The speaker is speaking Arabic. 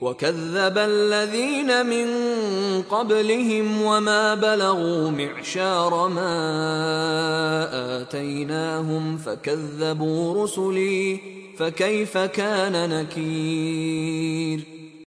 وكذب الذين من قبلهم وما بلغوا معشار ما آتيناهم فكذبوا رسلي فكيف كان نكير